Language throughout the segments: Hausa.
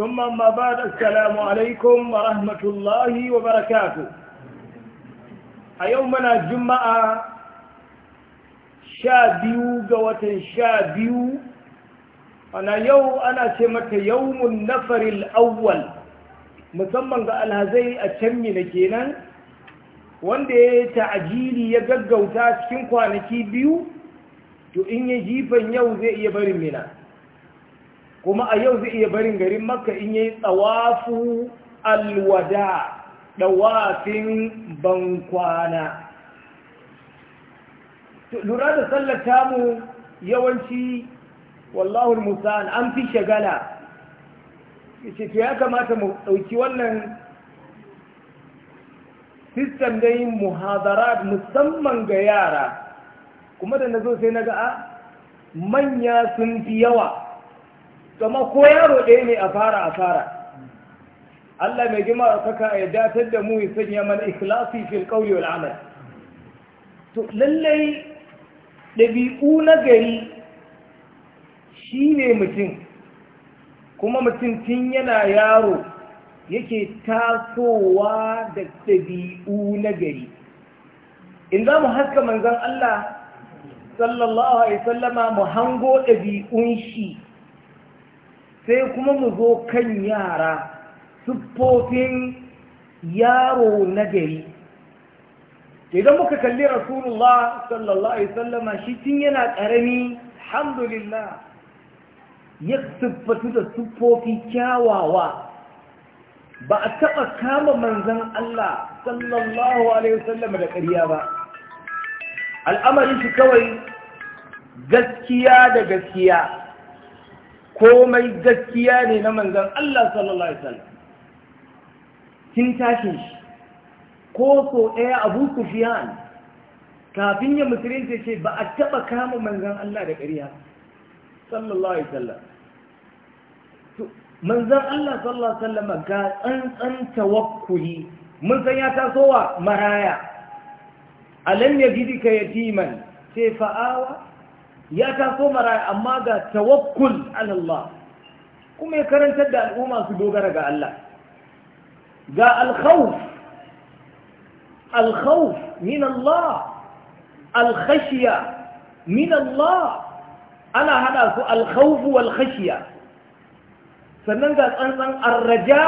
ثم أما بعد السلام عليكم ورحمة الله وبركاته أيومنا الجمعة شابيو قوة شابيو أنا يو أنا سمت يوم النفر الأول musamman ga alhazai a can mina kenan wanda ya ta'ajili ya gaggauta cikin kwanaki biyu to in ya jifan yau zai iya barin mina kuma a yau zai iya barin garin makka in yi tsawafu alwada ɗawafin bankwana lura da sallar tamu yawanci wallahul musa an fi shagala ce to ya kamata mu ɗauki wannan sistem da yin muhazara musamman ga yara kuma da na zo sai na ga a manya sun fi yawa kama ko yaro ɗaya ne a fara a fara Allah mai gima a saka ya datar da mu ya sanya mana ikhlasi fil qawli wal amal to lallai ɗabi'u na gari ne mutum kuma mutum tun yana yaro yake tasowa da ɗabi'u na gari in za mu haska manzon Allah sallallahu alaihi sallama mu hango ɗabi'un shi sai kuma mu zo kan yara siffofin yaro na gari idan muka kalli rasulullah sallallahu alaihi sallama shi tun yana ƙarami alhamdulillah ya siffatu da siffofi kyawawa ba a taɓa kama manzan Allah sallallahu alaihi sallama da ƙarya ba al'amarin shi kawai gaskiya da gaskiya komai gaskiya ne na manzan Allah sallallahu Alaihi wasallam kin tashin shi ko so ɗaya abu yan kafin ya musulunta ce ba a taɓa kama manzan Allah da ƙariya sallallahu Alaihi wasallam manzan Allah sallallahu Alaihi wasallam ga tsantsan tawakkuli mun san ya tasowa maraya alam ya gidi ka yatiman sai fa'awa ya taso maraya amma ga tawakkul Allah kuma ya karantar da al'umma su dogara ga Allah ga alkhawf alkhawf min Allah alkhashiya min Allah ana hada su alkhawf wal khashiya sannan ga tsantsan arraja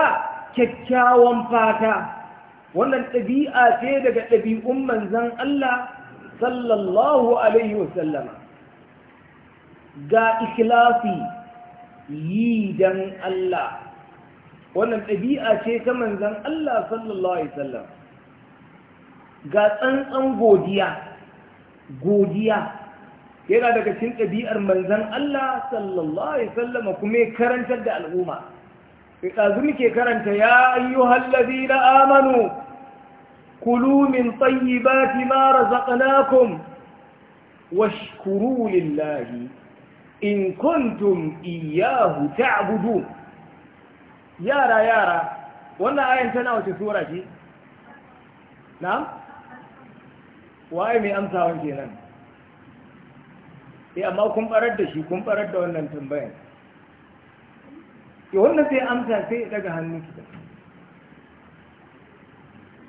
kyakkyawan fata wannan ɗabi'a ce daga ɗabi'un manzon Allah sallallahu alaihi wasallama ga ikhlasi yi dan Allah wannan ɗabi'a ce ta manzan Allah sallallahu Alaihi wasallam ga tsantsan godiya godiya yana daga cikin ɗabi'ar manzan Allah sallallahu Alaihi wasallam kuma ya karantar da al'umma ɗazu muke karanta ya ayyuhal na amanu kulu min mara zaƙanakun. razaqnakum washkuru lillahi in kuntum iyahu ta'budu yara yara wannan ayan tana wace sura ce na'am waye mai amsa amsawan kenan Eh amma kun barar da shi kun barar da wannan tambayar ya wannan sai amsa sai daga hannun ki. da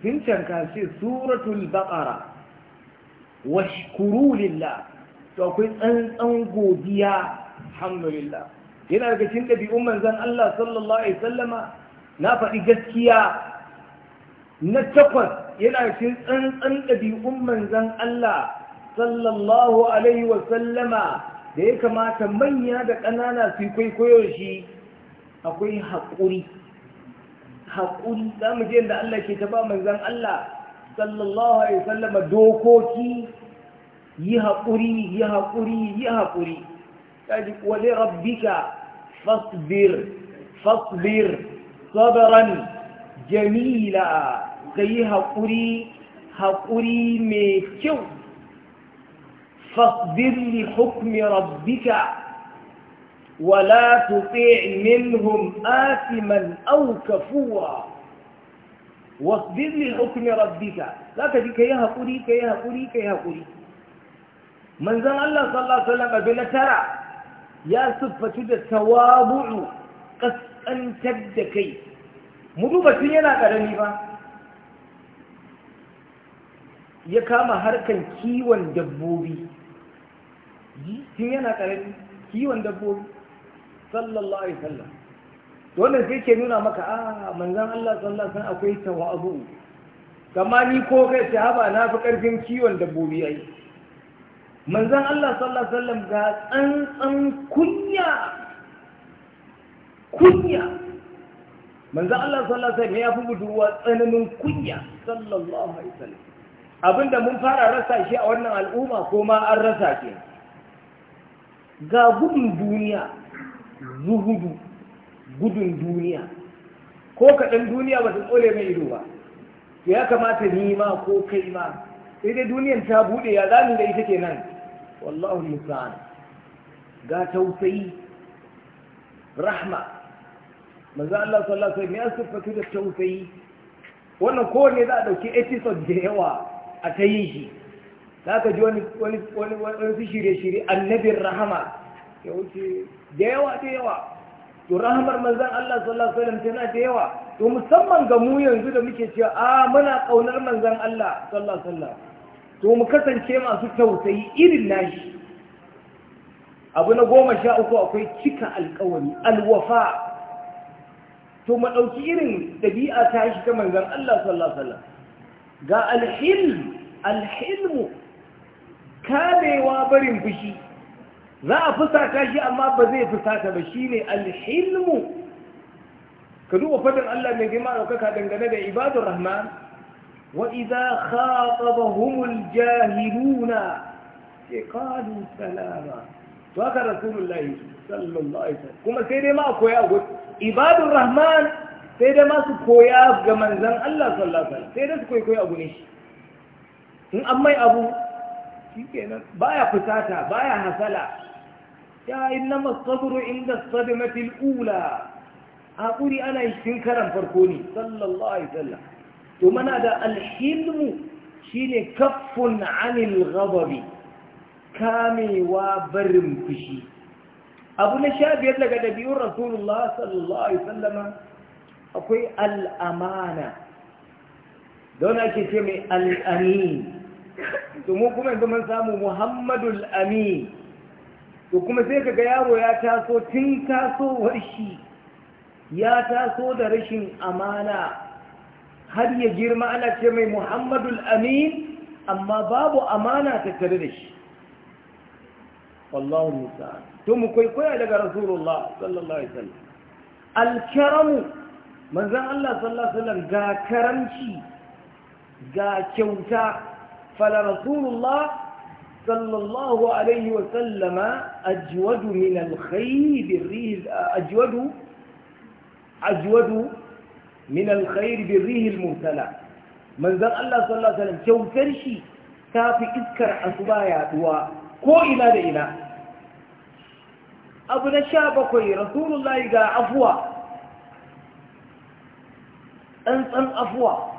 sun canka ce suratul baqara washkuru lillah to akwai tsantsan godiya alhamdulillah yana daga cikin ɗabi'un manzon Allah sallallahu alaihi sallama na faɗi gaskiya na takwas yana cikin tsantsan ɗabi'un manzon Allah sallallahu alaihi wa sallama da ya kamata manya da ƙanana su kwaikwayo shi akwai haƙuri haƙuri za mu je da Allah ke ta ba manzon Allah sallallahu alaihi sallama dokoki يا قري يهقري يهقري يهقري تجد ولربك فاصبر فاصبر صبرا جميلا قري ها قري ميتشو فاصبر لحكم ربك ولا تطيع منهم آثما أو كفورا واصبر لحكم ربك لا تجد كيها قري كيها قري كيها قري, قري. manzan Allah sallallahu Alaihi abu na tara ya siffatu da tawabu'u ƙasƙantar da kai tun yana ƙarami ba ya kama harkan kiwon dabbobi tun yana ƙarami kiwon dabbobi sallallahu Alaihi sallam wannan sai ke nuna maka a ah, manzan Allah sallallahu Alaihi akwai tawabu'u kama ni ko kai sahaba na fi ƙarfin kiwon dabbobi ai manzan Allah sallallahu Alaihi wasallam ga tsantsan kunya kunya manzan Allah sallallahu Alaihi wasallam ya fi budurwa tsananin kunya sallallahu Alaihi wasallam abinda mun fara rasa shi a wannan al'umma ko ma an rasa shi ga gudun duniya zuhudu gudun duniya ko kaɗan duniya ba ta tsole mai ido ba ya kamata ni ma ko kai ma sai dai duniyan ta buɗe ya zamu da ita kenan wallahu musta'an ga tausayi rahma manzo Allah sallallahu alaihi wasallam da tausayi wannan kowanne za a dauki episode da yawa a ta yin shi za ka ji wani wani wani wani shirye-shirye annabin rahama ya da yawa da yawa to rahamar manzan Allah sallallahu alaihi wasallam tana da yawa to musamman ga mu yanzu da muke cewa a ah, muna kaunar manzan Allah to mu kasance masu tausayi irin nashi abu na goma sha uku akwai cika alkawari alwafa to mu ɗauki irin ɗabi'a ta shi ta manzan Allah sallallahu alaihi ga alhilm alhilmu kamewa barin fushi za a fusata shi amma ba zai fusata ba shine alhilmu ka duba fadin Allah mai girma ɗaukaka dangane da ibadur rahman وإذا خاطبهم الجاهلون قالوا سلاما فهذا رسول الله صلى الله عليه وسلم كما سيدي ما أكويا أقول عباد الرحمن سيدي ما سكويا كمن زن الله صلى الله عليه وسلم سيدي سكويا كويا أبو نيش أما أبو baya fusata baya hasala ya innama sabru inda sadmatil ula hakuri ana cikin karan farko ne sallallahu alaihi wasallam to mana da alhilmu shine kaffun anil ghadabi kamewa barin fushi abu na sha biyar daga ɗabi'un rasulullah sallallahu alaihi sallama akwai al'amana don ake ce mai al'amin to mu kuma yanzu mun samu to kuma sai kaga yaro ya taso tun tasowar shi ya taso da rashin amana har ya girma ana ce mai muhammadul amin amma babu amana tattare da shi wallahu musa to mu kwaikwaya daga rasulullah sallallahu alaihi wasallam alkaramu manzon Allah sallallahu alaihi wasallam ga karamci ga kyauta fala rasulullah sallallahu alaihi wasallama ajwadu min alkhayr ajwadu ajwadu من الخير بره المرتلى من ذا الله صلى الله عليه وسلم كوثر كرشي كافي إذكر أصبايات وكو إلا دئنا أبو نشابكي رسول الله قال أفوى أنت أن أفوى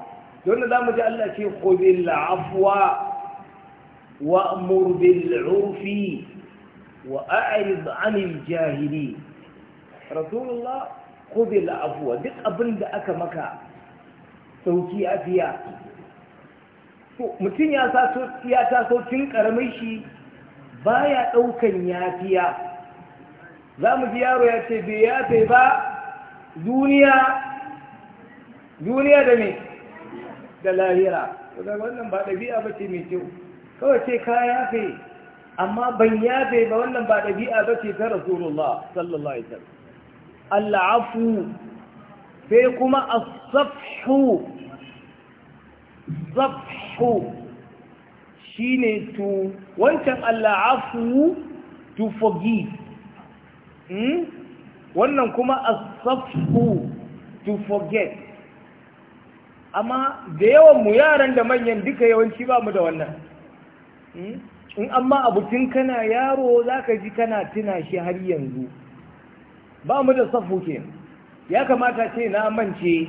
يقول لنا ما جاء الله شيء خذ العفوا وأمر بالعرف وأعرض عن الجاهلين رسول الله ko bai la'afuwa duk abin da aka maka sauki a biya mutum ya taso tun karamin shi baya daukan yafiya za mu ji yaro ya ce bai yafe ba duniya duniya da ne da lahira wannan ba ɗabi'a ba ce mai kyau kawai ce ka yafe amma ban yafe ba wannan ba ɗabi'a ba ce ta rasulullah sallallahu alaihi wasallam al'afu sai kuma a asafhu zafhu shi ne to wancan al'afu to forgive wannan kuma a asafhu to forget amma da yawan mu yaran da manyan duka yawanci ba mu da wannan in amma abu tun kana yaro za ka ji kana tuna shi har yanzu ba mu da safu ke ya kamata ce na mance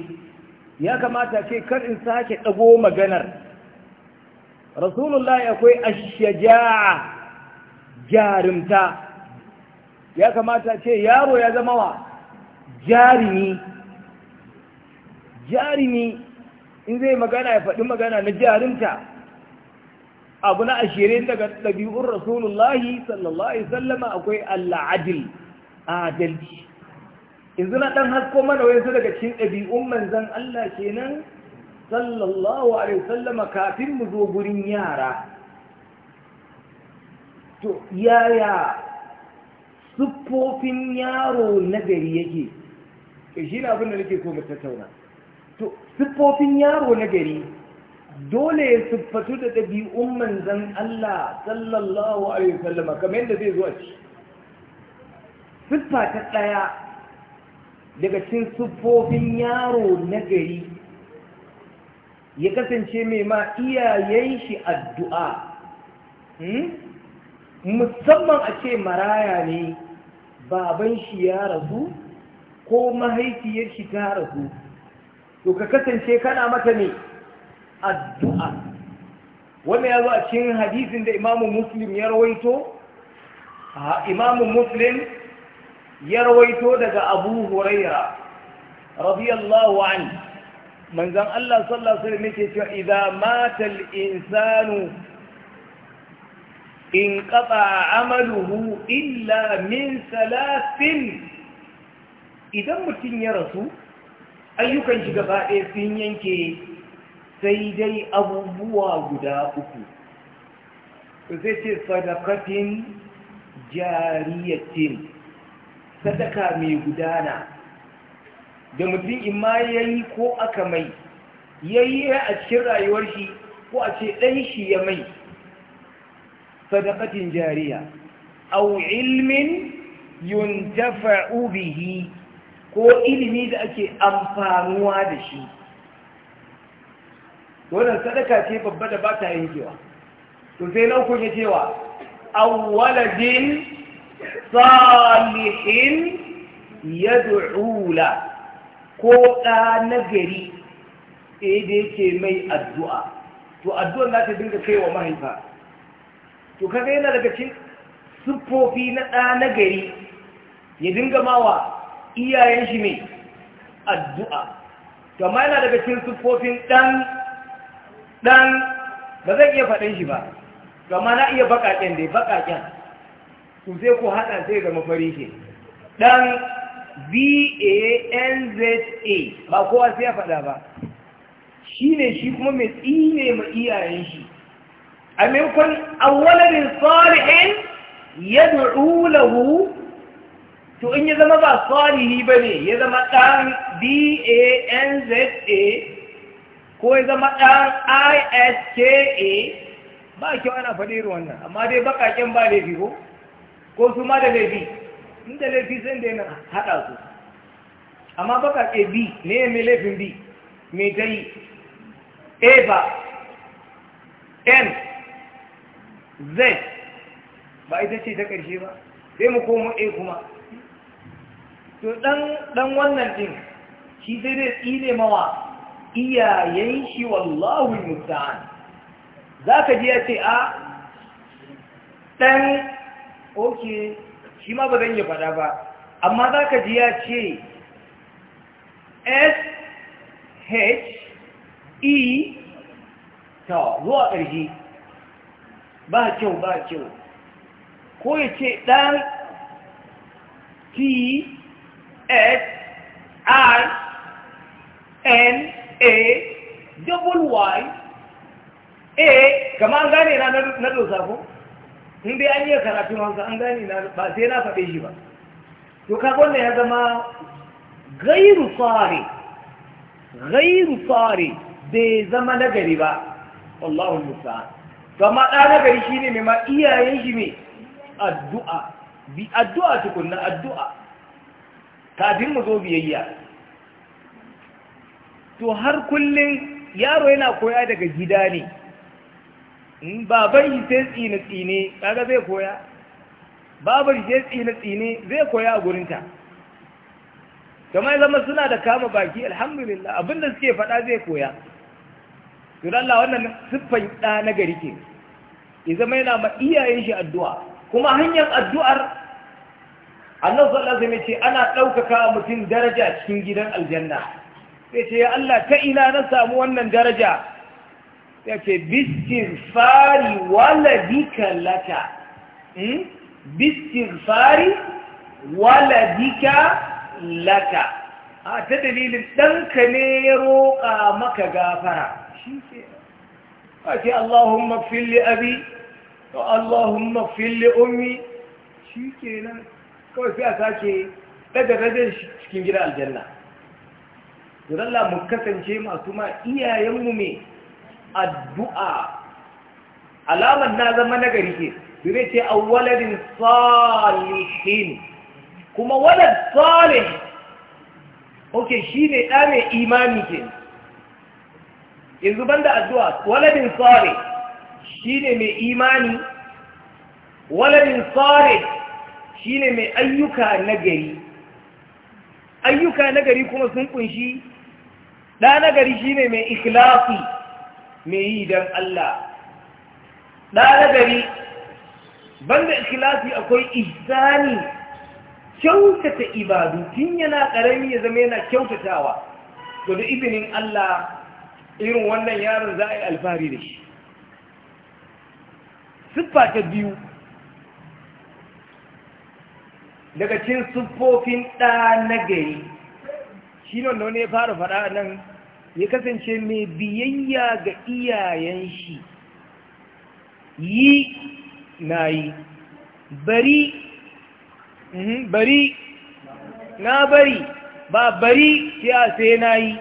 ya kamata ce kar in sake dago maganar rasulullah akwai ashaja'a jarumta ya kamata ce yaro ya zama wa jarimi jarimi in zai magana ya faɗi magana na jarumta abu na ashirin daga ɗabi'un rasulullahi sallallahu alaihi sallama akwai adil adalci yanzu na ɗan hasko mana wayansu daga cikin ɗabi'un manzan Allah kenan sallallahu alaihi wasallama kafin mu zo gurin yara to yaya siffofin yaro nagari yake ke shi na abin da nake so mu tattauna to siffofin yaro nagari dole ya siffatu da ɗabi'un manzan Allah sallallahu alaihi wasallama kamar yadda zai zo a ciki siffa ta ɗaya daga cin siffofin yaro na gari ya kasance mai ma iyayen shi addu'a hmm? musamman a ce maraya ne baban shi ya rasu ko mahaifiyar shi ta rasu to ka kasance kana mata ne addu'a Wani ya zo a cikin hadisin da imamu muslim ya rawaito A imamu muslim ya rawaito daga abu huraira radiyallahu an manzan Allah sallallahu alaihi wasallam cewa idza mata al-insanu in qata amaluhu illa min salasin. idan mutum ya rasu ayyukan shi gaba ɗaya sun yanke sai dai abubuwa guda uku sai ce sadakatin jariyatin sadaka mai gudana da mutum in ma ya yi ko aka mai ya yi a cikin rayuwar shi ko a ce ɗan shi ya mai sadakatin jariya au ilmin yuntafa'u bihi ko ilimi da ake amfanuwa da shi wannan sadaka ce babba da ba ta yankewa to sai laukun ya cewa awwaladin salihin ya la ko da nagari eh da yake mai addu'a to addu'ar za ta dinga kai wa mahaifa to kaga yana daga cikin sufofi na ɗa nagari ya dinga mawa iyayen shi ne addu'a kama yana daga cikin sufofin ɗan ɗan ba zai iya faɗin shi ba Gama na iya baƙaƙen dai baƙaƙen ku sai ku haɗa zai zama fari ke ɗan v a n z a ba kowa sai ya faɗa ba shi ne shi kuma mai tsine ma iyayen shi a maimakon awwalarin salihin ya lahu to in ya zama ba salihi ba ne ya zama ɗan b-a-n-z-a ko ya zama ɗan iska ba kyau ana faɗi wannan amma dai baƙaƙen ba laifi ko ko su ma da laifi inda laifi sai da yana haɗa su amma baka ke bi ne mai laifin bi mai ta yi a ba n z ba ita ce ta ƙarshe ba sai mu komo a kuma to ɗan wannan ɗin shi sai dai tsile mawa iyayen shi wallahu musta'an za ka ji ya ce a ɗan ok shi ma ba zan yi fada ba amma za ka ji ya ce s h e ta zuwa ƙarfi ba kyau ba kyau ko ya ce ɗan t s r n a double y a kama an gane na na dosa ko in dai an yi karatu hausa an gani na ba sai na faɗe shi ba to kaga wannan ya zama gairu tsari gairu tsari bai zama nagari ba Allahun musa gama ɗa nagari shi ne ma iyayen shi ne addu'a bi addu'a tukunna addu'a kafin mu zo biyayya to har kullun yaro yana koya daga gida ne in baban shi sai tsine tsine kaga zai koya babar sai tsine tsine zai koya a gurinta kamar zama suna da kama baki alhamdulillah abinda suke fada zai koya to Allah wannan siffan ɗa na gari ke ya zama yana ma iyayen shi addu'a kuma hanyar addu'ar annabi sallallahu alaihi ce ana ɗaukaka mutum daraja cikin gidan aljanna sai ce ya Allah ta ina na samu wannan daraja ya ce biskin fari waladika lata, hmm? biskin fari waladika lata. a ta dalilin ɗanka ne ya roƙa maka gafara shi ce a ce allahumma fili abi to allahumma fili ummi shi ke nan kawai sai a sake ɗaga cikin gida aljanna zuralla mu kasance masu ma iyayenmu mai addu'a alamar na zama nagari ke zai ce a waladin salihin kuma walad salih ok shi ne ɗa mai imani ke yanzu banda addu'a waladin salih shi ne mai imani waladin salih shi ne mai ayyuka nagari ayyuka nagari kuma sun kunshi ɗa nagari shi ne mai ikilafi. mai yi don Allah ɗana gari banda ikhlasi akwai ihsani kyautata ibadu tun yana ƙarami ya zama yana kyautatawa to da izinin Allah irin wannan yaron za a yi alfahari da shi siffa ta biyu daga cin siffofin ɗa na gari shi ne ya fara faɗa nan ya kasance mai biyayya ga iyayen shi yi na yi bari mhm, bari na bari ba bari ya sai na yi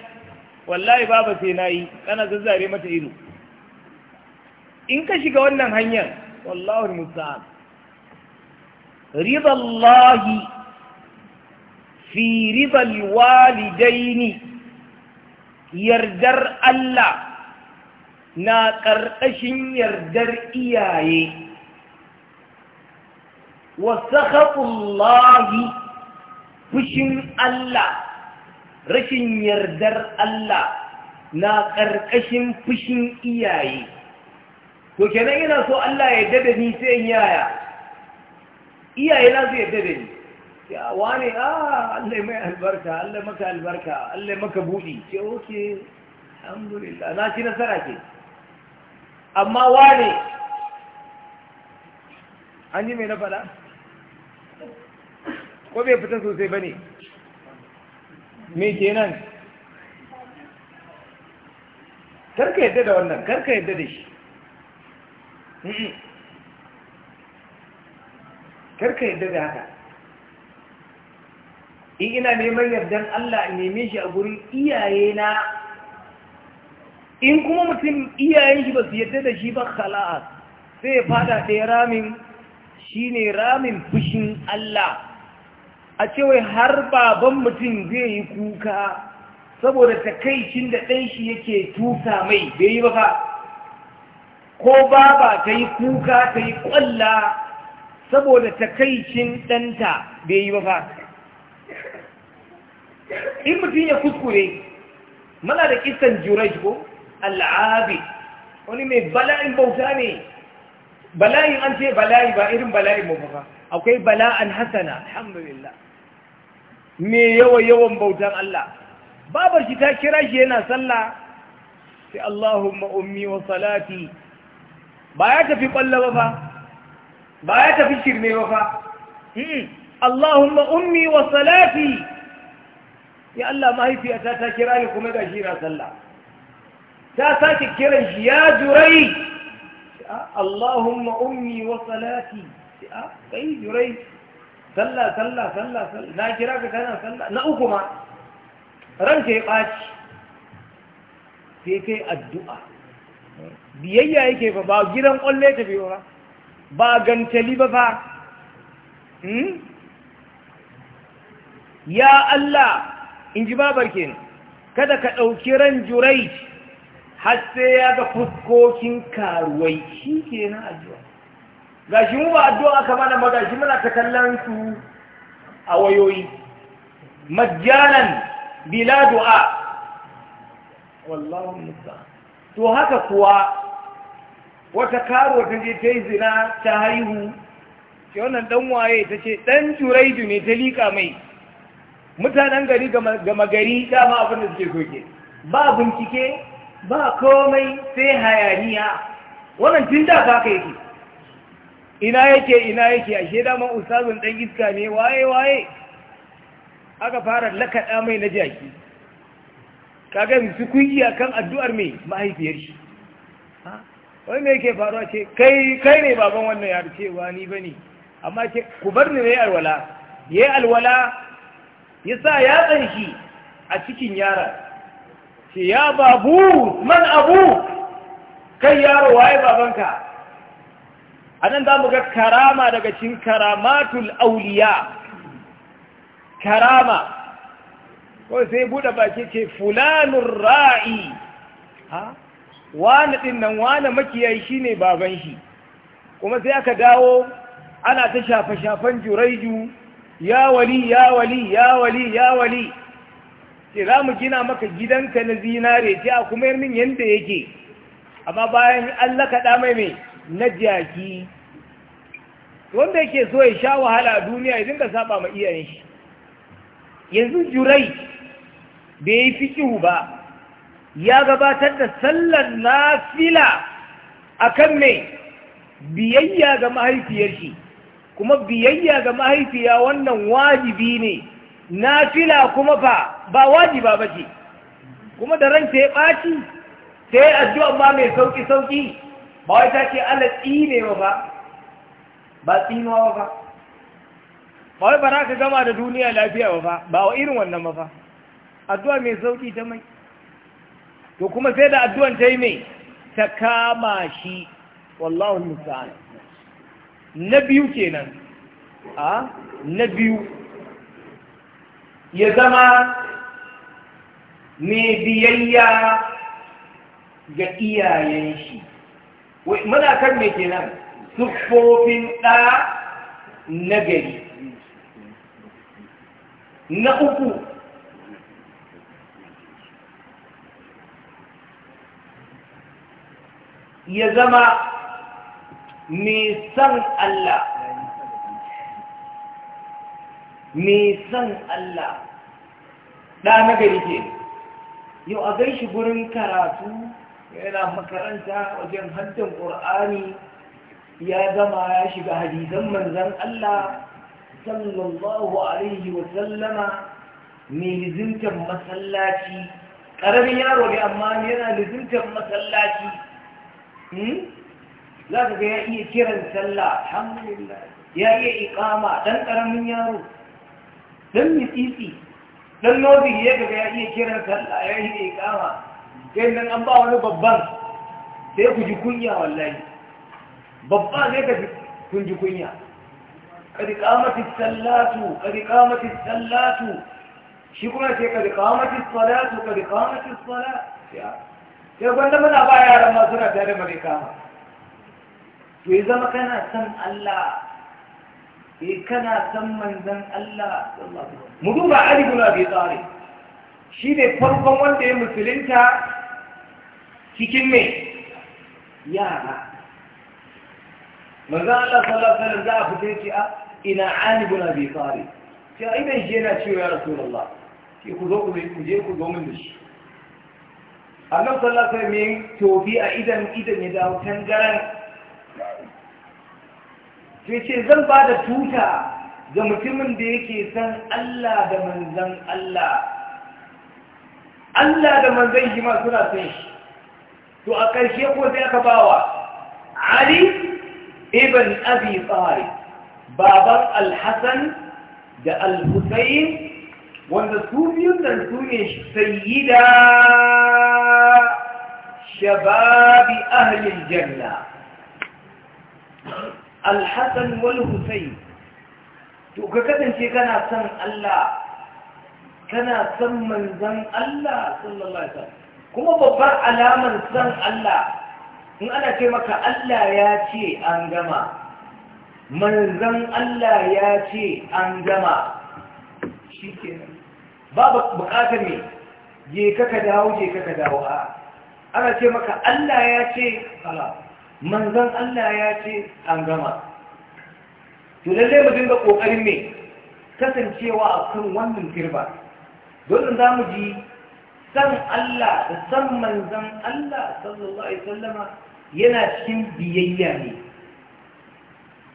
wallahi ba ba sai na yi kana zazzare mata ido in ka shiga wannan hanyar wallahul musta'an ridallahi fi ridal walidaini yardar Allah na ƙarƙashin yardar iyaye Wasu sakhaqullahi fushin Allah rashin yardar Allah na ƙarƙashin fushin iyaye to kenan yana so Allah ya dada ni sai yaya iyaye na su yadda da ni ya wani a ah, allai mai albarka allai maka albarka allai maka buɗi ce oke alhamdulillah na ci nasara ke amma wani an yi mai na faɗa ko bai fita sosai ba ne me kenan karka yadda da wannan karka yadda da shi karka yadda da haka in ina neman yardan Allah in neme shi a gurin iyayena. in kuma mutum iyayen shi ba su yadda da shi ba kala'a. sai ya fada ɗaya ramin shi ne ramin fushin Allah a cewai har baban mutum zai yi kuka saboda takaicin da ɗan shi yake tusa mai bai yi ba fa ko baba ta yi kuka ta yi ƙwalla saboda takaicin ɗanta bai yi ba fa in mutum ya kuskure mana da kisan juraj ko al'abi wani mai bala'in bauta ne bala'in an ce bala'i ba irin bala'in mu akwai bala'an hasana alhamdulillah me yawa yawan bautan Allah babar shi ta kira shi yana sallah sai Allahumma ummi wa salati ba ya tafi kwallo ba ba ya tafi shirme ba fa? Hmm. Allahumma ummi wa salati ya Allah mahaifiyata ta kira ni kuma ga shi na sallah ta sake kiran shi ya jurai Allahumma ummi wa salati kai jurai sallah sallah sallah sallah na kira ka kana sallah na uku ma ranka ya ɓaci sai kai addu'a biyayya yake fa ba gidan ƙwalle ta biyo ba ba gantali ba ba hmm? ya Allah in ji babar kenan kada ka ɗauki ran jurai har sai ya ga fuskokin karuwai shi ke na addu'a ga shi mu ba addu'a aka mana ba ga shi muna ta kallon su a wayoyi majjanan bila du'a wallahu musa to haka kuwa wata karo ta je ta yi zina ta haihu ke wannan ɗan waye ta ce ɗan juraidu ne ta liƙa mai mutanen gari gama gari dama abin da suke soke ba bincike ba komai sai hayaniya wannan tun da kaka yake ina yake ina yake ashe daman ustazun dan iska ne waye waye aka fara lakaɗa mai na jaki kaga su kuyi kan addu'ar mai mahaifiyar shi wani ne yake faruwa ce kai ne baban wannan yarcewa ce wa ni amma ce ku bar ni nayi alwala yayi alwala ya sa a cikin yaron ce ya babu man abu kai yaro waye babanka a nan za mu ga karama daga cikin karamatul auliya karama ko sai buɗe baki ce fulanun ra'i ha wani ɗin nan wani makiyayi shi ne baban shi kuma sai aka dawo ana ta shafe-shafen juraiju ya wali ya wali ya wali ya wali ce za mu gina maka gidanka na zinare ce a kuma yin yadda yake amma bayan Allah kaɗa mai mai na jaki wanda yake so ya sha wahala a duniya ya ka saba ma iyayen shi yanzu jurai bai yi fikihu ba ya gabatar da sallar nafila akan mai biyayya ga mahaifiyar shi kuma biyayya ga mahaifiya wannan wajibi ne Na fila kuma fa ba wajiba ba ce kuma da ranta ya ɓaci ta yi addu'a ba mai sauƙi-sauƙi ba wai ta ce ala tsine ba ba ba tsinuwa ba ba wai ba za ka gama da duniya lafiya ba ba wa irin wannan ba ba addu'a mai sauƙi ta mai to kuma sai da addu'an ta yi mai ta kama shi wallahun musa'ala na biyu kenan a na biyu ya zama mai biyayya ga iyayen shi muna kan mai kenan siffofin ɗa na gari na uku ya zama nisan Allah nisan Allah ɗa na gari ke yau a gai shi gurin karatu yana makaranta wajen haddin ƙur'ani ya zama ya shiga hadisan manzan Allah sallallahu alaihi wasallama mai lizintar masallaci ƙaramin yaro ne amma yana lizintar masallaci hmm? za ka ga ya iya kiran sallah alhamdulillah ya iya ikama dan karamin yaro dan mitsitsi dan lobi ya ga ya iya kiran sallah ya iya ikama sai nan an ba wani babban sai ku ji kunya wallahi babba sai ka ji kun ji kunya Kadi qamatis sallatu kadi qamatis sallatu shi kuma sai kadi qamatis salatu kadi qamatis salat ya sai gwanda mana ba yaran masu suna tare da mai kama to zama kana san Allah eh kana san manzon Allah mu duba Ali na biyu tsari. shi ne farkon wanda ya musulunta cikin me yara manzon Allah sallallahu alaihi wasallam za a fita ce a ah, ina na biyu tsari? Talib a idan shi yana cewa ya Rasulullah sai ku zo ku je ku zo min da shi annabi sallallahu alaihi wasallam tofi a idan idan ya dawo tangaran sai ce zan ba da tuta ga mutumin da yake san Allah da manzan Allah Allah da manzan shi suna san shi to a ƙarshe ko sai aka bawa Ali ibn Abi Talib al da Al-Husayn wanda su biyu nan su ne sayyida shababi ahlil janna alhassan wal husayn to ka kasance kana son Allah kana son manzan Allah sallallahu alaihi wasallam kuma babbar alamar son Allah in ana ce maka Allah ya ce an gama manzan Allah ya ce an gama shi kenan babu bukatar ne je kaka dawo je kaka dawo a ana ce maka Allah ya ce kala manzon Allah ya ce an gama to lallai mu dinga kokarin me kasancewa a kan wannan kirba dole za mu ji san Allah da san manzan Allah sallallahu alaihi wasallama yana cikin biyayya ne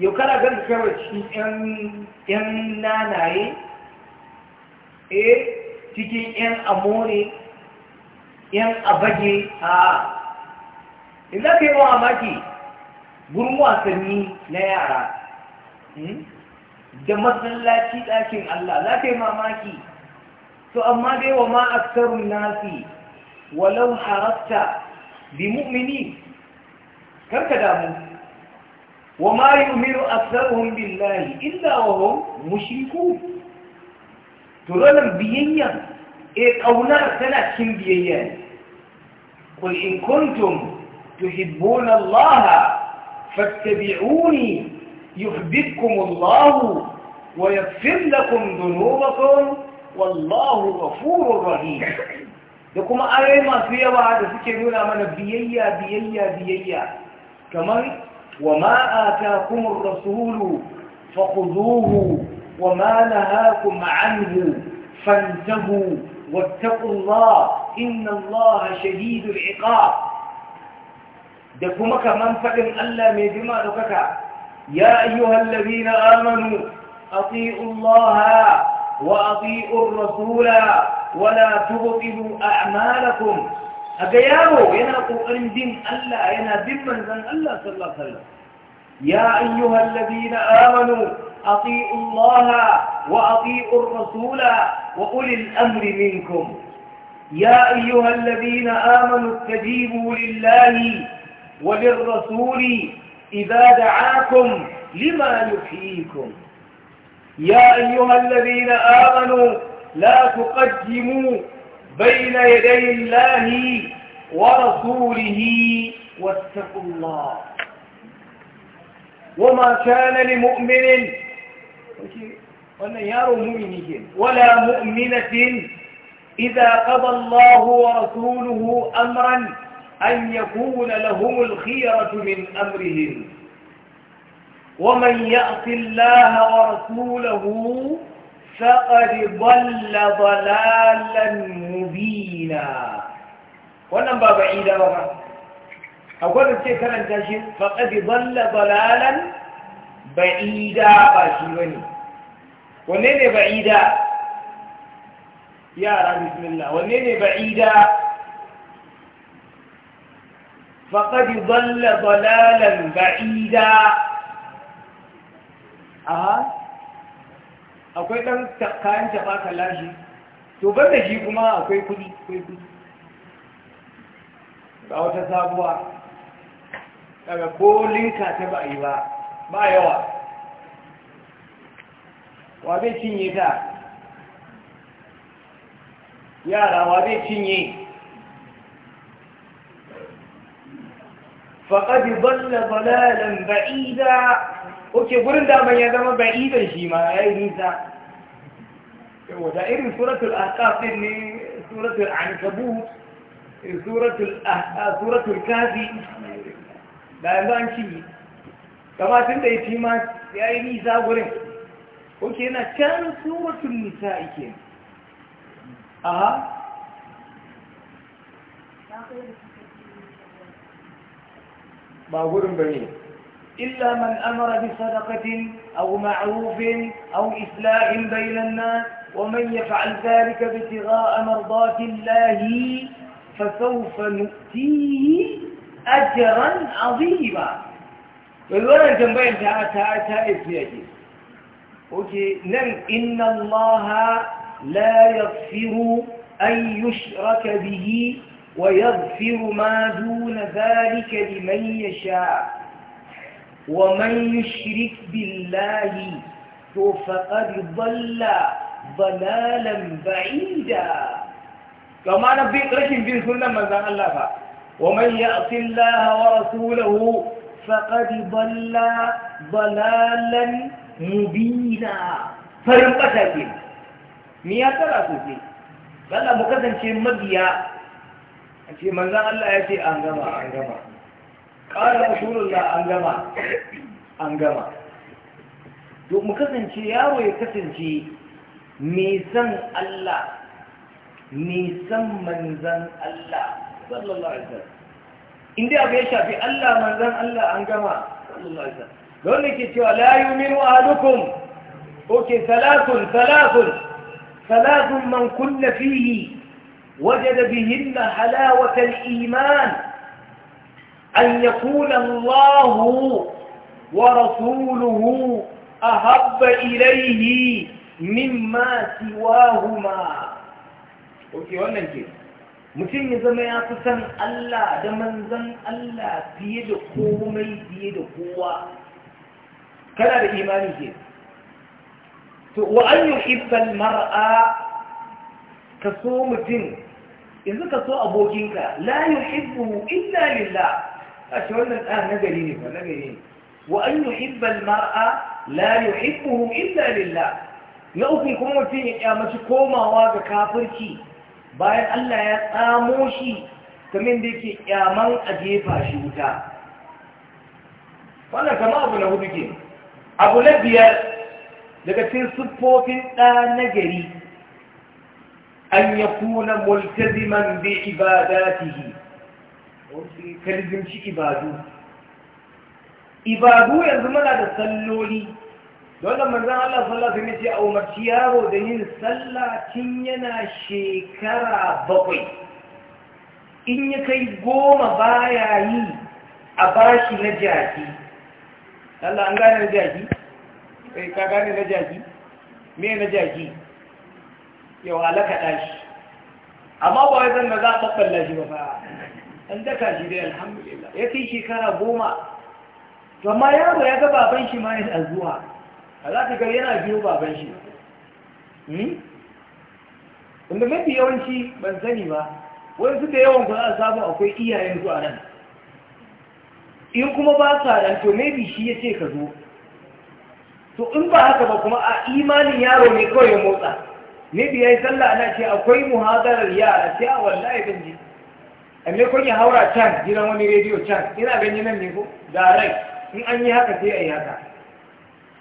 yau kana ganin kawai cikin yan nanaye eh cikin yan amore yan abage a in za ka yi mamaki gurin wasanni na yara hmm, da masallaci ɗakin Allah za ka yi mamaki to amma dai wa ma aksarun nasi walau harasta bi mu'mini karka damu wa ma yu'minu aktsaruhum billahi illa wa hum mushrikun to ranan biyayya e eh, kauna tana cikin biyayya ne قل إن كنتم تحبون الله فاتبعوني يحببكم الله ويغفر لكم ذنوبكم والله غفور رحيم دكما اري ما فيه وعد سكي من بيي بيي بيي كما وما آتاكم الرسول فخذوه وما نهاكم عنه فانتهوا واتقوا الله إن الله شديد العقاب da kuma kaman faɗin Allah mai jima ɗaukaka ya ayyuhal ladina amanu ati'u Allah wa ati'u rasula wa la tubtilu a'malakum aga yaro yana kokarin bin Allah yana bin manzon Allah sallallahu alaihi wasallam ya ayyuhal ladina amanu ati'u Allah wa ati'u rasula wa ulil amri minkum يا أيها الذين آمنوا استجيبوا لله وللرسول إذا دعاكم لما يحييكم يا أيها الذين آمنوا لا تقدموا بين يدي الله ورسوله واتقوا الله وما كان لمؤمن ولا مؤمنة إذا قضى الله ورسوله أمرا أن يكون لهم الخيرة من أمرهم ومن يأت الله ورسوله فقد ضل ضلالا مبينا ولم بعيدا إيدا أقول الشيء كان تشير فقد ضل ضلالا بعيدا باشيوني ونين بعيدا يا رب بسم الله ونين بعيدا faƙad balla balalan ba'ida aha akwai ɗan kayan taɓa kallashi to ban da shi kuma akwai kudi akwai kudi ga wata sabuwa daga ko linka ta ba yi ba ba yawa wa zai cinye ta yara wa zai cinye faƙad balla balalan ba'ida oke gurin ban ya zama ba'idan shi ma ya yi nisa da irin suratul aqaf din ne suratul ankabut suratul suratul kafi da yanzu an ci kama tun da ya ci ma ya yi nisa gurin oke yana can suratul nisa ike aha ba gurin إلا من أمر بصدقة أو معروف أو إسلاء بين الناس ومن يفعل ذلك ابتغاء مرضات الله فسوف نؤتيه أجرا عظيما والولا تنبين تعالى تعالى تعالى أوكي نعم إن الله لا يغفر أن يشرك به ويغفر ما دون ذلك لمن يشاء ومن يشرك بالله فقد ضل ضلالا بعيدا كما نبي رشن في سنة من ذا الله ومن يعص الله ورسوله فقد ضل ضلالا مبينا فرقتا كده ميا ترى سوتي بلا مكتن شيء مبيا ce manzan Allah ya ce an gama an gama ƙara rasulullah an gama an gama domin mu kasance yaro ya kasance nisan Allah nisan manzan Allah sallallahu alaihi wasallam inda abu ya shafi Allah manzan Allah an gama sallallahu alaihi wasallam da wanda ke cewa la yuminu ahadukum okay salatun salatun salatun man kunna fihi وجد بهن حلاوة الإيمان أن يكون الله ورسوله أحب إليه مما سواهما أوكي وانا نجي مسلم زميات سن الله دمن زن الله بيد قومي بيد قوة كلا بإيمان جيد وأن يحب المرأة كصوم جنس yanzu ka so abokinka la yuhibbu illa lillah a ce wannan ɗan nagari ne ba nagari ne wa an yuhibba al la yuhibbuhu illa lillah na uku kuma mutum ya kyamaci komawa ga kafirci bayan Allah ya tsamo shi kamar da yake kyaman a jefa shi wuta wannan kama abu na hudu ke abu na biyar daga cikin siffofin ɗa nagari أن يكون ملتزما بعباداته كالذنش شي إبادو إبادو يزمنا هذا سلولي دولة من ذا الله صلى الله عليه وسلم أو مرتيار ودين سلا تنينا شكرا بقي إن يكي قوم بايعي أباشي نجاتي الله أنقال نجاتي إيه كاقاني نجاتي مين نجاتي yau alaka ɗashi amma ba wajen da za a tabballa shi ba fa an daka shi dai alhamdulillah ya kai shekara goma to amma yaro ya ga baban shi ma yana zuwa a za ka ga yana biyo baban shi inda hmm? mafi yawanci ban sani ba wani su da yawan kuna a samu akwai iyayen zuwa nan in kuma ba sa nan to maybe shi ya ce ka zo to in ba haka ba kuma a imanin yaro ne kawai ya motsa ne biya yi sallah ana ce akwai muhadarar yara ce a wallahi ban ji amma kun ya haura can gidan wani rediyo can ina ganin nan ne ko da rai in an yi haka sai a yi haka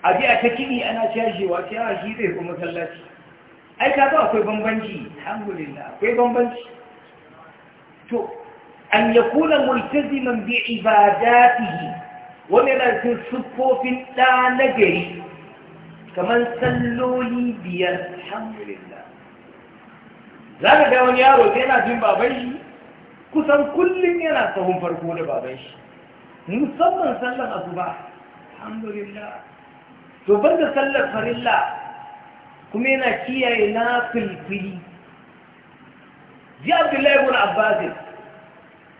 a ji a ta kiɗi ana cashewa ce a shi zai kuma sallaci ai ka akwai bambanci alhamdulillah akwai bambanci to an yakuna multaziman bi ibadatihi wannan sun siffofin ɗa na gari kamar salloli biyar alhamdulillah za ka ga wani yaro sai yana jin baban shi kusan kullum yana sahun farko da baban shi musamman sallar asuba alhamdulillah to ban da sallar farilla kuma yana kiyaye na filfili ji abdullahi ibn abbas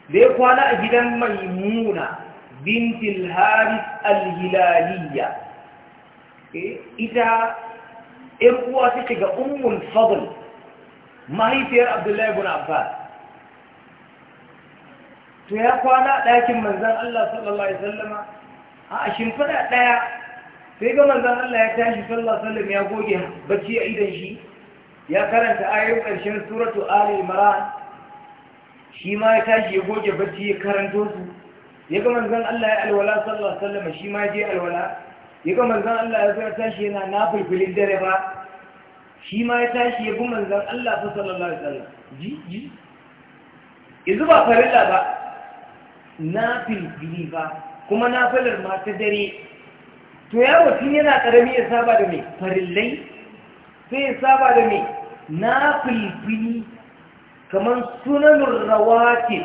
da ya kwana a gidan maimuna bintil haris al-hilaliyya Eh, ita ‘yar uwa suke ga ummul fadl mahaifiyar abdullahi bin abbas to ya kwana ɗakin manzan Allah sallallahu Alaihi sallama a shimfiɗa ɗaya sai ga manzan Allah ya tashi sallallahu sallam ya goge bacci a idan shi ya karanta ayoyin ƙarshen suratu ali imran shi ma ya tashi ya goge bacci ya karanto su ya ga manzan Allah ya alwala sallallahu sallama shi ma ya je alwala Yi ga manzan Allah ya zuwa tashi yana na fulfilin dare ba shi ma ya tashi ya bi manzan Allah ta sallallahu alaihi ji ji yanzu ba farilla ba na fulfili ba kuma na falar ma ta dare to ya wasu yana karami ya saba da mai farillai sai ya saba da mai na fulfili kamar sunanin rawati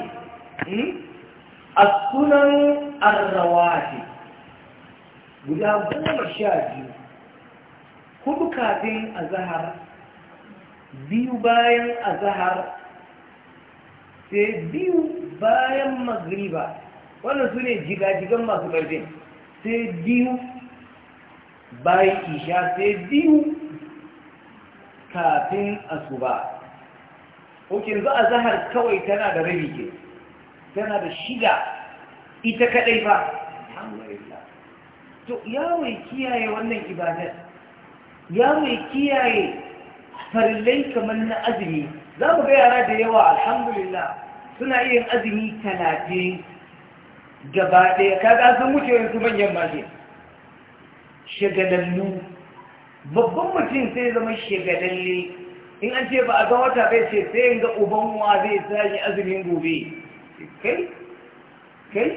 hmm? a sunan arrawati guda goma sha biyu hudu kafin azahar biyu bayan azahar sai biyu bayan magriba wannan su ne jigajigan masu ƙarfin sai biyu bayan isha sai biyu kafin asuba hukin za a zahar kawai tana da rabi ke tana da shida ita kaɗai ba to ya mai kiyaye wannan ibadar ya mai kiyaye farillai kamar na azumi za mu ga yara da yawa alhamdulillah suna yin azumi talafi gaba ɗaya kaga sun wuce yanzu manyan mace shagalallu babban mutum sai zama shagalalle in an ce ba a ga wata bai ce sai yin ga ubanwa wa zai sa azumin gobe kai kai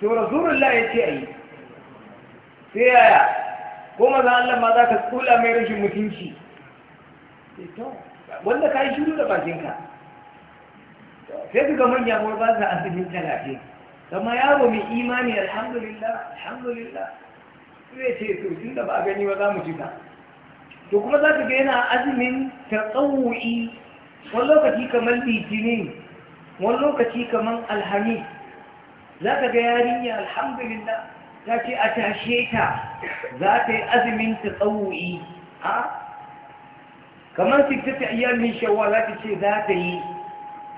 to rasulullah ya ce ai sai yaya ko maza Allah ma za ka kula mai rashin mutunci eh, wanda ka yi shiru da bakinka sai ka ga manya kuma ba za a cikin talafi kama yaro mai imani alhamdulillah alhamdulillah sai ce to tun da ba a gani ba za mu cika to kuma za ka ga yana azumin tatsawu'i wani lokaci kamar litinin wani lokaci kamar alhamis ذات جارية الحمد لله ذات أتاشيتا ذات أزم تطوئي ها كمان تكتت أيام من شوالات الشيء ذاتي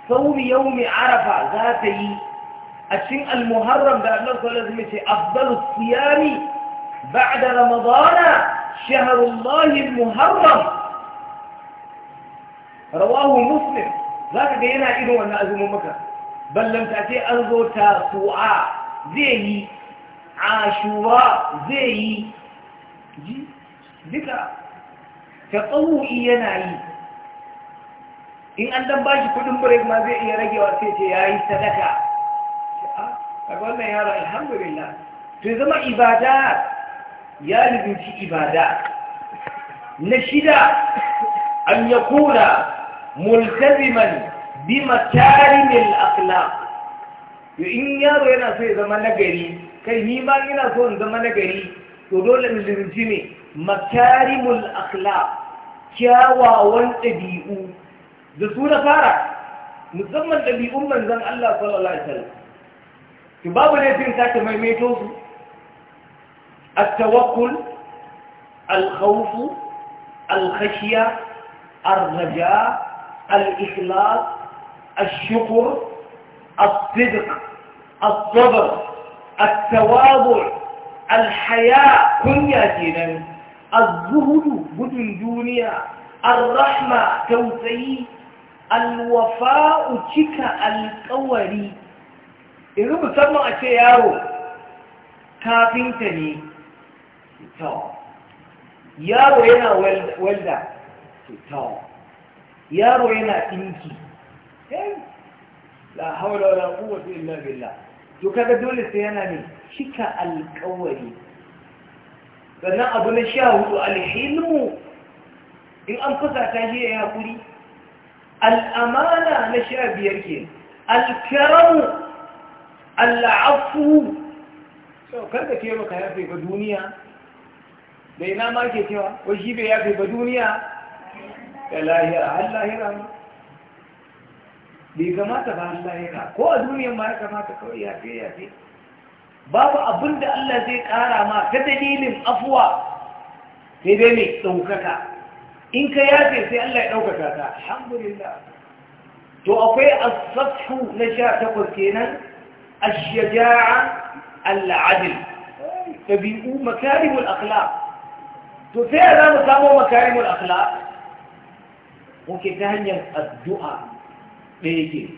صوم يوم عرفة ذاتي الشيء المهرم بأن الله صلى الله عليه أفضل الصيام بعد رمضان شهر الله المهرم رواه مسلم ذاك جينا إذن وأن أزم مكة بل لم تأتي أرغوتا فوعا زي عاشوا زي ذكرى تقوه إيناي إن أنتم باش كل مبريك ما زي إيا رجي وأسيتي يا إستدكا أقولنا يا رب الحمد لله تزمى إبادات يا لبنتي إبادات نشيدا أن يكون ملتزما بمكارم الأخلاق يؤن يارو ينا سوء زمان لغري كي نيما ينا سوء زمان لغري تدول للرجمي مكارم الأخلاق كاوا والتبيئو ذا سورة فارع مزمن تبيئو من ذن الله صلى الله عليه وسلم كباب الاسم ساك ميميتوز التوكل الخوف الخشية الرجاء الإخلاص الشكر الصدق الصبر التواضع الحياء كنيا دينا الزهد بدن دنيا الرحمة توسعي الوفاء تشك القوري إذا مسمى أشياء يارو كافنتني yaro yana welda يارو yana إنكي la haula wala quwwata illa billah to kaga dole sai yana ne cika alƙawari sannan abu na sha hudu alhilmu in an fasa ta shi ya hakuri al'amana na sha biyar ke alkaramu al'afu saukar da ke maka yafe ba duniya da ina ma ke cewa wajibe yafe ba duniya da lahira har lahira ne? bai kamata ba Allah yana ko a duniyar ma ya kamata kawai ya ce ya ce babu abin da Allah zai kara ma ta dalilin afuwa sai dai mai ɗaukaka in ka yace sai Allah ya ɗaukaka ta alhamdulillah to akwai asafu na sha takwas kenan ashaja'a al'adil tabi'u makarimul akhlaq to sai za mu samu makarimul akhlaq ko ta hanyar addu'a ɗaya ke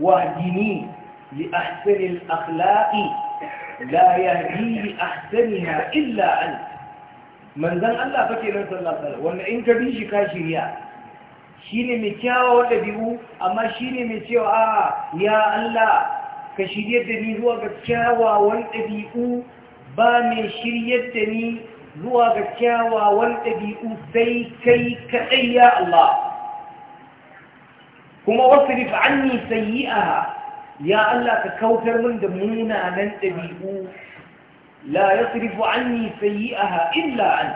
wahdini li ahsanil akhlaqi la yahdi li ahsaniha illa anta manzan Allah fa kenan sallallahu alaihi wanda in ka bi shi ka shirya shine mai kyawawa ɗabi'u, amma shine mai cewa a ya Allah ka shirye da ni zuwa ga kyawawan dabi'u ba mai shirye da ni zuwa ga kyawawan dabi'u sai kai kadai ya Allah kuma wasrif yi sayyi'aha ya Allah ka kautar min da munanan ɗabi'u. la yasrifu anni sayyi'aha illa an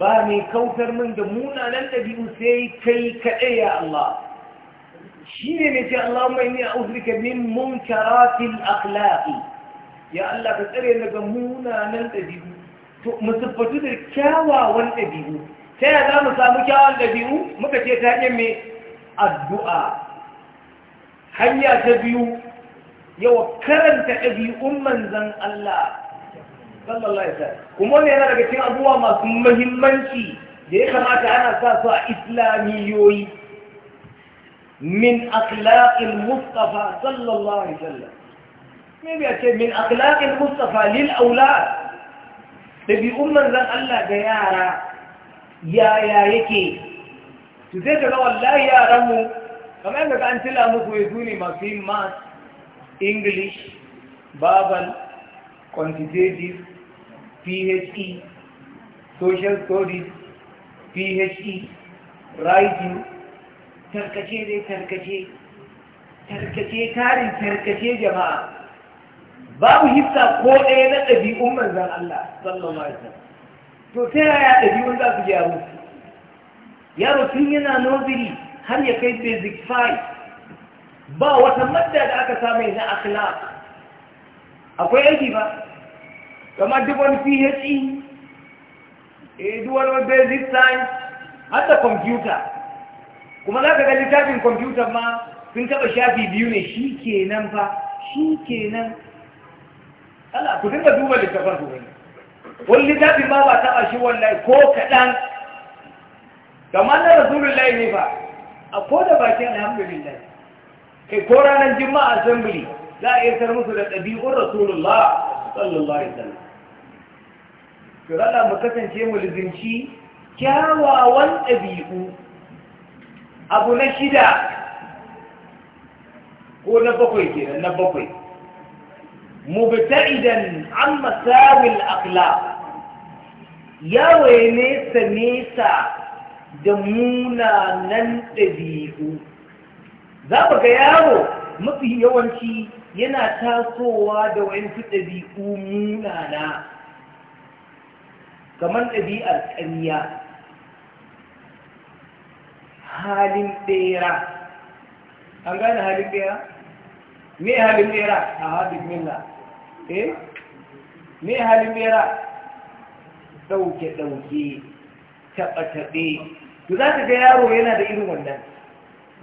ba mai kautar min da munanan ɗabi'u sai kai kaɗe ya Allah shi ne ne ce Allah mai ne a Afirka min munkaratil akhlaqi ya Allah ka tsare daga munanan ɗabi'u to mu siffatu da kyawawan ɗabi'u ta yaya za mu samu kyawawan ɗabi'u muka ce ta hanyar الدعاء هيا تبيو يو كرم تأبي أمن زن الله صلى الله عليه وسلم كما أني أنا لك تين أبوا ما سمهم منشي جي خمعك أنا ساسا إسلاميوي من أخلاق المصطفى صلى الله عليه وسلم من بيأتي من أخلاق المصطفى للأولاد تبي أمن زن الله جيارا يا يا يكي to sai ta ga wallahi yaran mu kamar yadda an tila muku ya zuni masu yin math english babal quantitative phe social studies phe writing tarkace dai tarkace tarkace tarin tarkace jama'a babu hissa ko ɗaya na ɗabi'un manzan Allah sallallahu alaihi wasallam to ta yaya ɗabi'un za su gyaru yaro tun yana nobili har ya kai basic 5 ba wata madda da aka samu na akhlaq akwai aiki ba kama duk wani PHE eh duk wani basic science har da computer kuma za ka ga littafin computer ma sun taba shafi biyu ne shi kenan ba shi kenan ala ku dinga duba littafin ku ne wani littafin ba ba taba shi wallahi ko kaɗan kamar na rasulullahi ne ba a ko da bakin alhamdulillah kai ko ranar juma'a assembly za a iya irtar musu da ɗabi'un rasulullah sallallahu alaihi wasallam to Allah mu kasance mu lizinci kyawawan ɗabi'u abu na shida ko na bakwai kenan na bakwai Mu mubta'idan an masawil akhlaq yawaye nesa nesa da munanan ɗabi'u za mu ga yaro mafi yawanci yana tasowa da wayansu ɗabi'u munana kamar ɗabi'ar ƙarya halin ɗera an gane halin ɗera? me halin ɗera a haɗin milla eh me halin ɗera ɗauke-ɗauke taɓa-taɓe to za ka ga yaro yana da irin wannan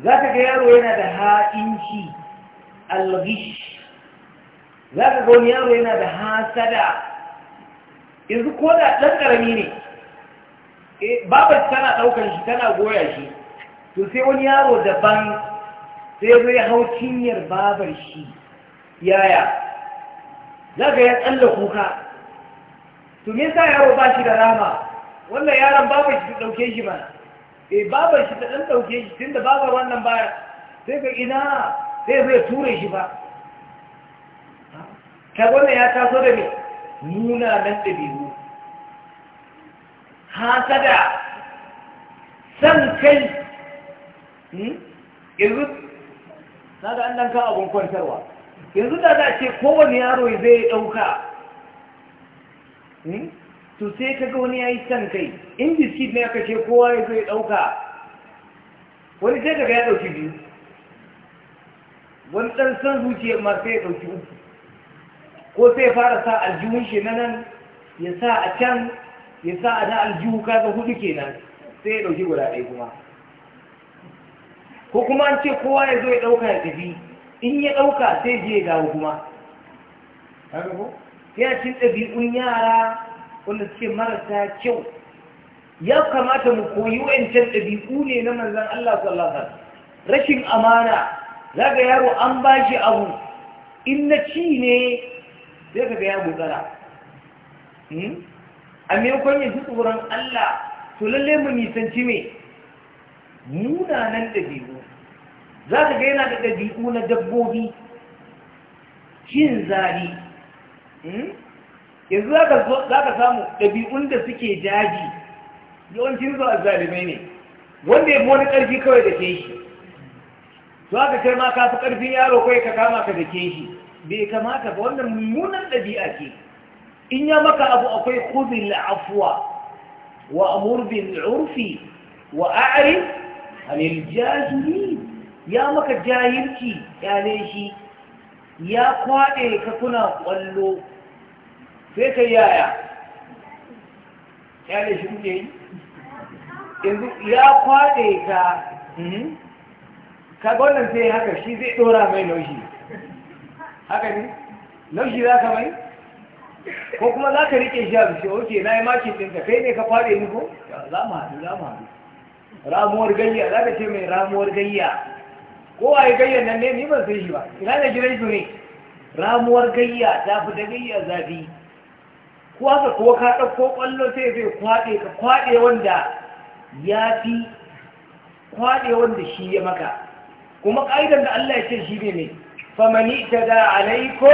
za ka ga yaro yana da ha'inci alghish za ka ga wani yaro yana da hasada yanzu ko da ɗan ƙarami ne eh, babar tana ɗaukar shi tana goya shi to sai wani yaro daban sai ya zo ya hau cinyar babar shi yaya za ka ya tsalla kuka to me yasa yaro ba shi da rama wannan yaron babar shi ɗauke shi ba e babar shi ta ɗan ɗauke shi tun da babar wannan baya sai ka ina sai zai ture shi ba ta wannan ya taso da ne nuna nan da biyu haka da san kai hmm? yanzu na ga an ɗan ka abin kwantarwa yanzu da za a ce kowane yaro zai ɗauka hmm? to sai ka ga wani ya yi san kai in biskit ne aka ce kowa ya zai ɗauka wani sai daga ya ɗauki biyu wani ɗan san zuciyar ma sai ya ɗauki uku ko sai ya fara sa aljihun shi na nan ya sa a can ya sa a na aljihu kaga hudu kenan sai ya ɗauki guda ɗaya kuma ko kuma an ce kowa ya zo ya ɗauka ya tafi in ya ɗauka sai je ya dawo kuma ya cin ɗabi'un yara wanda suke marasa kyau ya kamata mu koyi wayancan ɗabi'u ne na manzan Allah sallallahu alaihi rashin amana za ga yaro an ba shi abu in na ci ne sai ka ga ya gutsara hmm? a maimakon ya su tsoron Allah to lalle mu nisanci me munanan ɗabi'u za ka ga yana da ɗabi'u na dabbobi cin zari hmm? yanzu za ka samu ɗabi'un da suke jaji yawancin zuwa zalimai ne wanda ya wani ƙarfi kawai da ke shi to aka kai ma ka fi ƙarfin yaro kawai ka kama ka da ke shi bai kamata ba wannan mummunan ɗabi'a ce in ya maka abu akwai kuzin la'afuwa wa amurbin urfi wa a'ari halil jahili ya maka jahilci kyale shi ya kwaɗe ka kuna ƙwallo sai ka yaya Ya da shi kuke yi yanzu ya kwaɗe ka mhm. ka gwanan sai haka shi zai ɗora mai laushi haka ne laushi za ka mai ko kuma za ka riƙe shi a bishe oke na yi makin ɗinka kai ne ka kwaɗe ni ko za mu haɗu za mu haɗu ramuwar gayya za ka ce mai ramuwar gayya Ko a yi gayyar nan ne ni ban sai shi ba ina da gidan su ne ramuwar gayya ta fi ta gayya zafi ko haka ko ka ɗauko ƙwallo sai zai kwaɗe ka kwaɗe wanda ya fi kwaɗe wanda shi ya maka kuma ƙa'idan da Allah ya ce shi ne ne famani ta da alaiko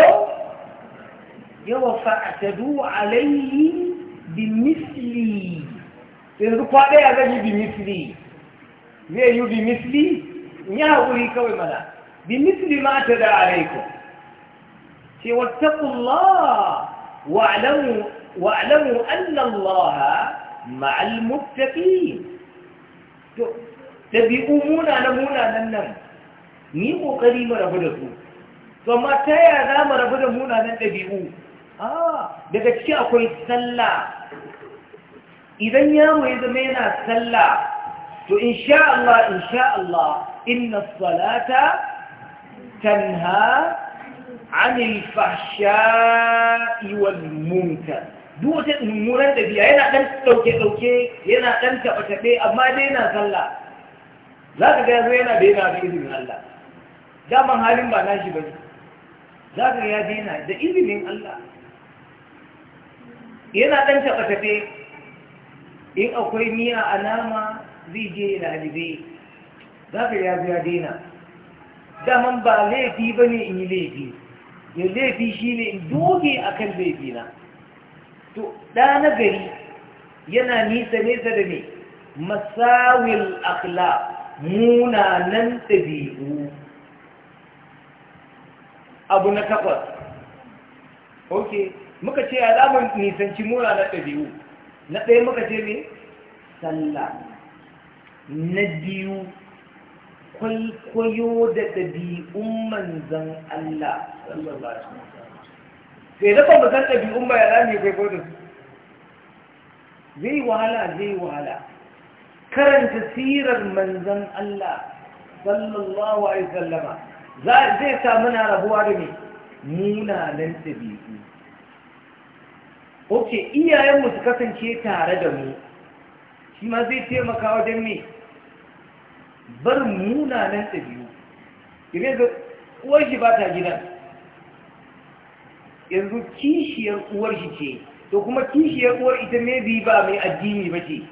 yawa duwa alaihi bi misli yanzu kwaɗe ya zai yi bi misli zai yi bi misli ya haƙuri kawai mana bi misli ma ta da alaiko ce wattakullah wa'alamu واعلموا ان الله مع المتقين تبي امونا نمونا ننم ني مو قريم ربدكو ثم تايا زام ربدمونا نن تبي او اه daga ci akwai اذا idan yamu ya zama yana salla to insha Allah insha Allah inna عن الفحشاء والمنكر duk wata mummunan ɗabi'a yana ɗan ɗauke-ɗauke yana ɗan taɓe-taɓe amma dai na sallah za ka ga yanzu yana da yana da izinin Allah daman halin ba nashi ba ne za ka ga ya daina da izinin Allah yana ɗan taɓe-taɓe in akwai miya a nama zai je yana alibe za ka ya ya daina daman ba laifi ba ne in yi laifi ya laifi shi ne in doge a kan laifina to ɗa na gari yana nisa nesa da ne masawil akhla munanan ɗabi'u abu na takwas ok muka ce alamar nisanci munanan ɗabi'u na ɗaya muka ce ne sallah na biyu kwaikwayo da ɗabi'un manzan Allah sallallahu Alaihi wasallam sai da ba san ɗabi'un ba ya zami kai ko zai wahala zai wahala karanta sirar manzan Allah sallallahu alaihi sallama zai samu na rabuwa da ne munanan ɗabi'u ok iyayenmu su kasance tare da mu shi ma zai taimaka wajen ne bar munanan ɗabi'u irin ga uwar shi ba ta gidan yanzu kishiyar uwar shi ce to kuma kishiyar uwar ita ne bi ba mai addini ba ce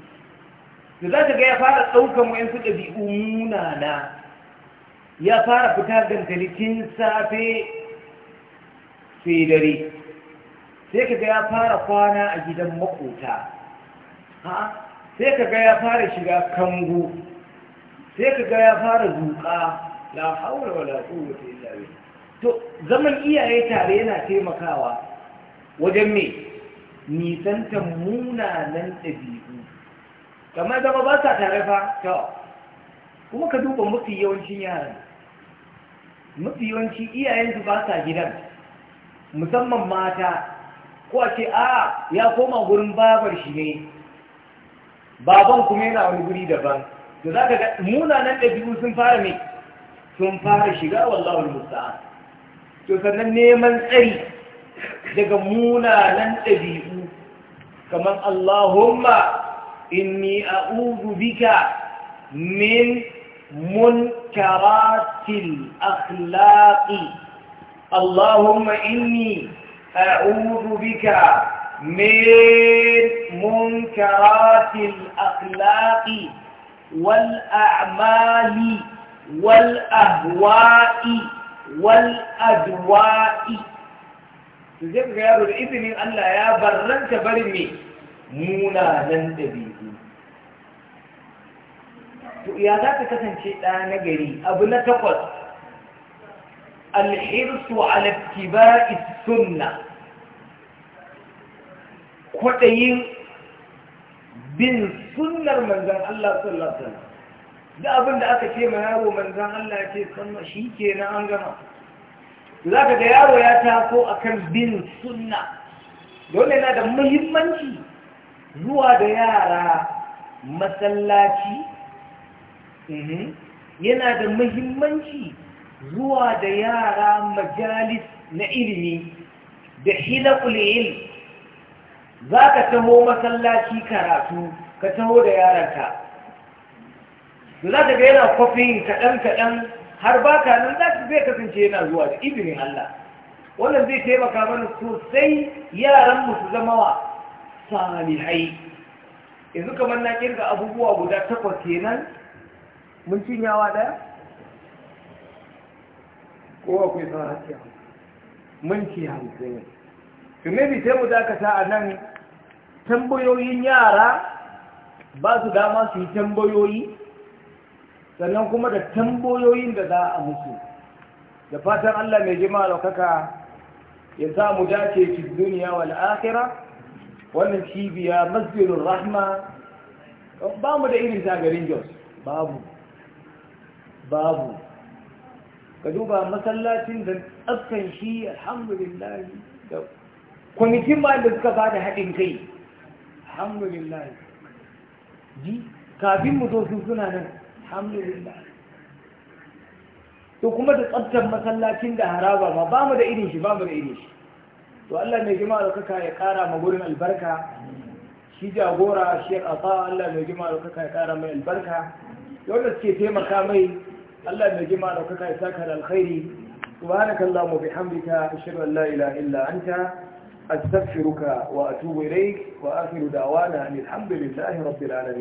da za ka ga ya fara ɗaukan wayansu ɗabi'u munana ya fara fita dankali tun safe sai dare sai ka ga ya fara kwana a gidan makota sai ka ga ya fara shiga kango sai ka ga ya fara zuƙa la haula wala quwwata illa billah to zaman iyaye tare yana taimakawa wajen me nisantar munanan ɗabi'u kamar zama ba sa tare fa to kuma ka duba mafi yawancin yaran mafi yawanci iyayensu ba sa gidan musamman mata ko a ce a ya koma gurin babar shi ne baban kuma yana wani guri daban to za ka ga munanan ɗabi'u sun fara ne sun fara shiga wallahul musta'an to sannan neman tsari daga munanan ɗabi'u kamar Allahumma inni a'udhu bika min munkaratil akhlaqi Allahumma inni a'udhu bika من منكرات الأخلاق والأعمال والأهواء wal adwa'i zai ga yaro da izinin Allah ya barranta bari me munanan dabi'u to ya za ka kasance ɗa na gari abu na takwas alhirsu ala sunna kwaɗayin bin sunnar manzon Allah sallallahu alaihi wasallam da abin da aka ce ma yaro manzan Allah ce sannan shi ke na an gama za ka ga yaro ya taso a kan bin sunna dole na da muhimmanci zuwa da yara masallaci mhm. yana da muhimmanci zuwa da yara majalis na ilimi da shida ilm za ka taho masallaci karatu ka taho da yaranka za ta ga yana kwafi kaɗan-kaɗan har ba ka nan za su zai kasance yana zuwa da izinin Allah wannan zai taimaka mana sosai yaran su zama wa salihai yanzu kamar na kirga abubuwa guda takwas kenan mun cinyawa ɗaya ko akwai sauran ciya mun ci hamsin ne bi sai mu dakata a nan tambayoyin yara ba su dama su yi tambayoyi sannan kuma da tambayoyin da za a musu da fatan Allah mai jima daukaka ya sa mu dace cikin duniya wa akhirah wannan cibiya masjidun rahma ba mu da irin zagarin jos babu babu ka duba masallacin da afkan shi alhamdulillah da kwanikin ba da suka ba da haɗin kai alhamdulillah ji kafin mu zo suna nan alhamdulillah to kuma da tsabtar masallacin da haraba ma ba mu da irin shi ba mu da irin shi to Allah mai jima da ya kara ma gurin albarka shi jagora shi kafa Allah mai jima da ya kara mai albarka wanda suke taimaka mai Allah mai jima da ya saka da alkhairi subhanaka allahumma bihamdika ashhadu an la ilaha illa anta astaghfiruka wa atubu ilaik wa akhiru da'wana alhamdulillahi rabbil alamin